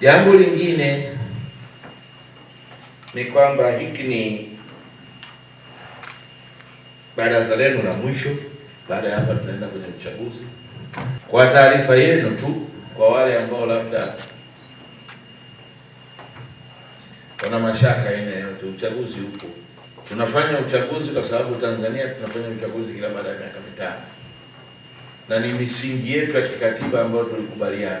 Jambo lingine ni kwamba hiki ni baraza lenu la mwisho. Baada ya hapa, tunaenda kwenye uchaguzi. Kwa taarifa yenu tu, kwa wale ambao labda wana mashaka aina yote, uchaguzi huko tunafanya uchaguzi kwa sababu Tanzania tunafanya uchaguzi kila baada ya miaka mitano na ni misingi yetu ya kikatiba ambayo tulikubaliana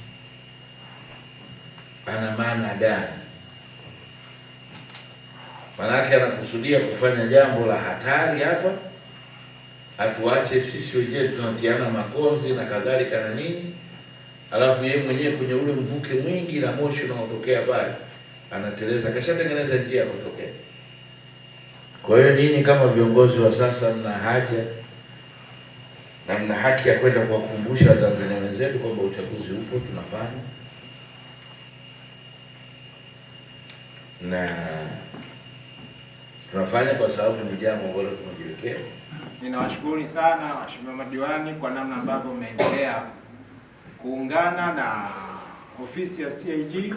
ana maana gani? Maanake anakusudia kufanya jambo la hatari hapa, atuache sisi wenyewe tunatiana makonzi na kadhalika na nini, alafu yeye mwenyewe kwenye ule mvuke mwingi na moshi unaotokea pale anateleza, kashatengeneza njia ya kutokea. Kwa hiyo nini, kama viongozi wa sasa, mna haja na mna haki ya kwenda kuwakumbusha Watanzania wenzetu kwamba uchaguzi upo tunafanya na tunafanya kwa sababu ni jambo ambalo tumejiwekea. Ninawashukuru sana waheshimiwa madiwani kwa namna ambavyo mmeendelea kuungana na ofisi ya CIG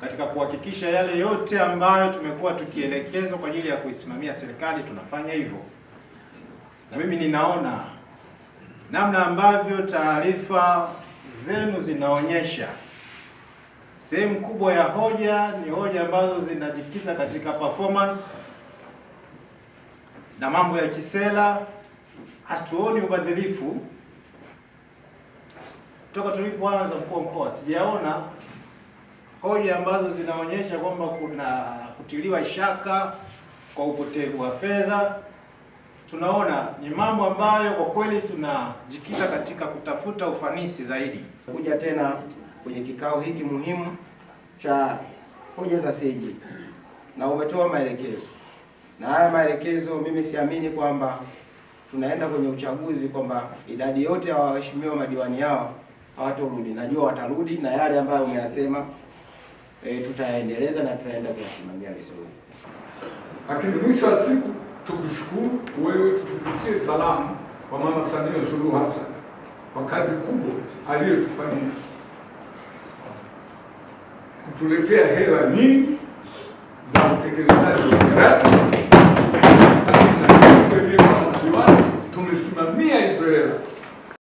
katika kuhakikisha yale yote ambayo tumekuwa tukielekezwa kwa ajili ya kuisimamia serikali tunafanya hivyo, na mimi ninaona namna ambavyo taarifa zenu zinaonyesha Sehemu kubwa ya hoja ni hoja ambazo zinajikita katika performance na mambo ya kisera. Hatuoni ubadhilifu toka tulipoanza mkuu wa mkoa, sijaona hoja ambazo zinaonyesha kwamba kuna kutiliwa shaka kwa upotevu wa fedha. Tunaona ni mambo ambayo kwa kweli tunajikita katika kutafuta ufanisi zaidi. Kuja tena kwenye kikao hiki muhimu cha hoja za CAG na umetoa maelekezo, na haya maelekezo mimi siamini kwamba tunaenda kwenye uchaguzi kwamba idadi yote ya waheshimiwa madiwani yao hawatorudi. Najua watarudi na yale ambayo umeyasema e, tutayaendeleza na tutaenda kuyasimamia vizuri, lakini mwisho wa siku tukushukuru wewe, tukupitie salamu kwa Mama Samia Suluhu Hassan kwa kazi kubwa aliyotufanyia kutuletea hela nyingi za utekelezaji wa miradi